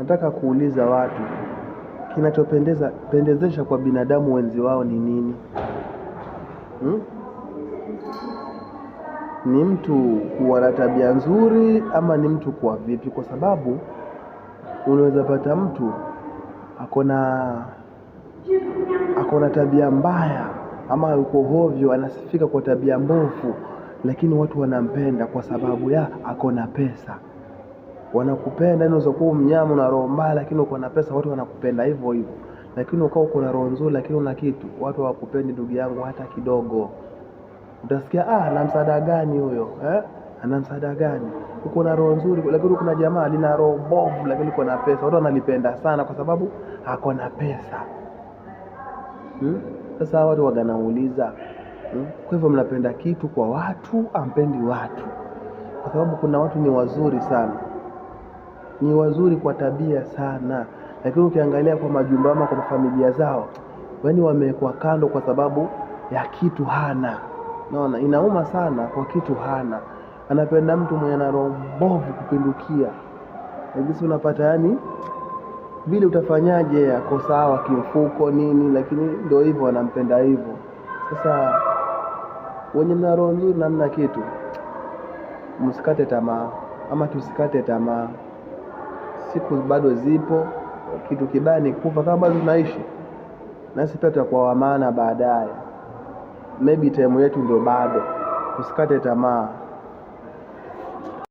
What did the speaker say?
Nataka kuuliza watu kinachopendeza pendezesha kwa binadamu wenzi wao ni nini? Hmm? Ni mtu kuwa na tabia nzuri ama ni mtu kuwa vipi? Kwa sababu unaweza pata mtu akona akona tabia mbaya ama yuko hovyo, anasifika kwa tabia mbovu, lakini watu wanampenda kwa sababu ya akona pesa wanakupenda yani unaweza kuwa mnyama na roho mbaya lakini uko na pesa watu wanakupenda hivyo hivyo lakini ukao uko na roho nzuri lakini una kitu watu hawakupendi ndugu yangu hata kidogo utasikia ah ana msaada gani huyo eh? ana msaada gani uko na roho nzuri lakini kuna jamaa lina roho bovu, lakini uko na pesa watu wanalipenda sana kwa sababu ako na pesa hmm? sasa watu waganauliza hmm? kwa hivyo mnapenda kitu kwa watu ampendi watu kwa sababu kuna watu ni wazuri sana ni wazuri kwa tabia sana, lakini ukiangalia kwa majumba ama kwa familia zao, yaani wamewekwa kando kwa sababu ya kitu hana. Naona inauma sana kwa kitu hana. Anapenda mtu mwenye ana roho mbovu kupindukia, najisi unapata yani vile utafanyaje, ako sawa kimfuko nini, lakini ndio hivyo, anampenda hivyo. Sasa wenye na roho nzuri namna kitu, msikate tamaa ama tusikate tamaa siku bado zipo, kitu kibaya ni kufa. Kama bado tunaishi, nasi pia tutakuwa wa maana baadaye. Maybe time yetu ndio bado, usikate tamaa.